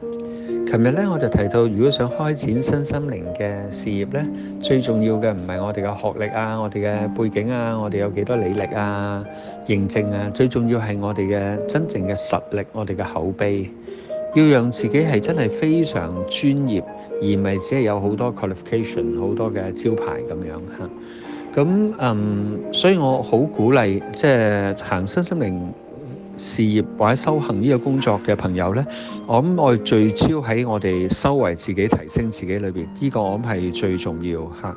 琴日咧我就提到，如果想開展身心靈嘅事業咧，最重要嘅唔係我哋嘅學歷啊，我哋嘅背景啊，我哋有幾多履歷啊、認證啊，最重要係我哋嘅真正嘅實力，我哋嘅口碑，要讓自己係真係非常專業，而唔係只係有好多 qualification、好多嘅招牌咁樣吓。咁嗯，所以我好鼓勵，即係行身心靈。事業或者修行呢個工作嘅朋友呢，我諗我哋聚焦喺我哋修為自己、提升自己裏邊，呢、這個我諗係最重要嚇。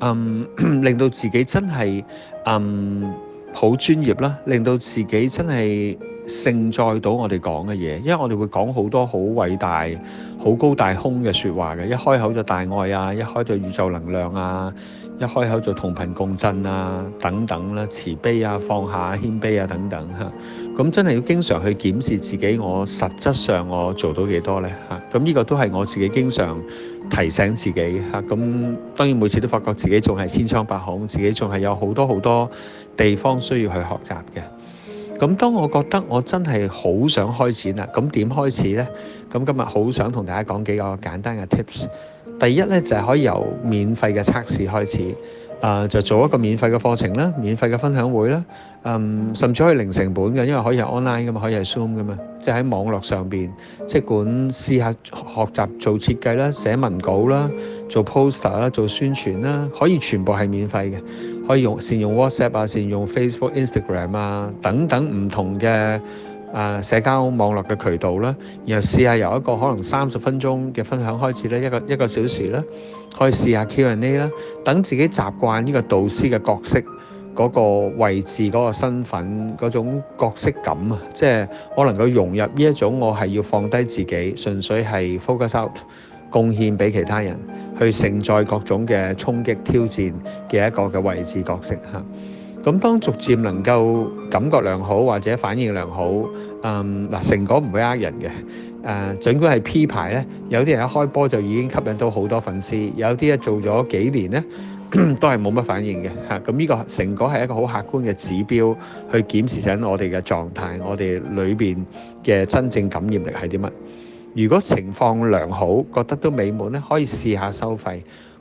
嗯， 令到自己真係嗯好專業啦，令到自己真係。盛載到我哋講嘅嘢，因為我哋會講好多好偉大、好高大空嘅説話嘅，一開口就大愛啊，一開就宇宙能量啊，一開口就同頻共振啊等等啦、啊，慈悲啊、放下啊、謙卑啊等等嚇、啊。咁真係要經常去檢視自己，我實質上我做到幾多呢？嚇、啊？咁呢個都係我自己經常提醒自己嚇。咁、啊、當然每次都發覺自己仲係千瘡百孔，自己仲係有好多好多地方需要去學習嘅。咁當我覺得我真係好想開展啦，咁點開始咧？咁今日好想同大家講幾個簡單嘅 tips。第一咧就係、是、可以由免費嘅測試開始，誒、呃、就做一個免費嘅課程啦，免費嘅分享會啦，嗯、呃，甚至可以零成本嘅，因為可以係 online 㗎嘛，可以係 Zoom 㗎嘛，即係喺網絡上邊，即管試下學習做設計啦、寫文稿啦、做 poster 啦、做宣傳啦，可以全部係免費嘅，可以用善用 WhatsApp 啊、善用 Facebook、Instagram 啊等等唔同嘅。誒、社交網絡嘅渠道啦，然後試下由一個可能三十分鐘嘅分享開始咧，一個一個小時啦，可以試下 Q&A 啦，A，等自己習慣呢個導師嘅角色嗰、那個位置、嗰、嗰個身份、嗰種角色感啊，即係我能夠融入呢一種，我係要放低自己，純粹係 focus out，貢獻俾其他人，去承載各種嘅衝擊、挑戰嘅一個嘅位置角色嚇。咁當逐漸能夠感覺良好或者反應良好，嗯嗱，成果唔會呃人嘅，誒，儘管係 P 牌咧，有啲人一開波就已經吸引到好多粉絲，有啲一做咗幾年咧，都係冇乜反應嘅嚇。咁呢個成果係一個好客觀嘅指標，去檢視緊我哋嘅狀態，我哋裏邊嘅真正感染力係啲乜？如果情況良好，覺得都美滿咧，可以試下收費。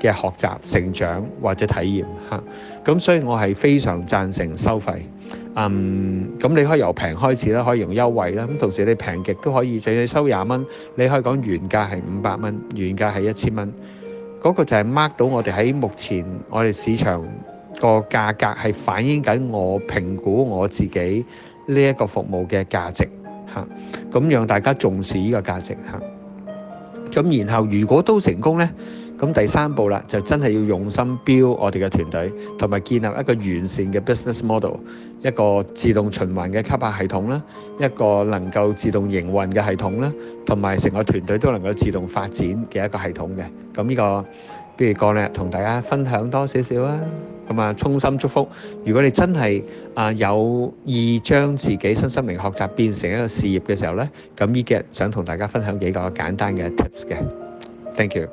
嘅學習成長或者體驗嚇，咁所以我係非常贊成收費。嗯，咁你可以由平開始啦，可以用優惠啦。咁同時你平極都可以，淨係收廿蚊，你可以講原價係五百蚊，原價係一千蚊。嗰、那個就係 mark 到我哋喺目前我哋市場個價格係反映緊我評估我自己呢一個服務嘅價值嚇。咁讓大家重視呢個價值嚇。咁然後如果都成功呢。咁第三步啦，就真係要用心 build 我哋嘅團隊，同埋建立一個完善嘅 business model，一個自動循環嘅吸客系統啦，一個能夠自動營運嘅系統啦，同埋成個團隊都能夠自動發展嘅一個系統嘅。咁呢個不如講咧，同大家分享多少少啊。咁啊，衷心祝福。如果你真係啊有意將自己身心靈學習變成一個事業嘅時候咧，咁呢幾日想同大家分享幾個簡單嘅 tips 嘅。Thank you。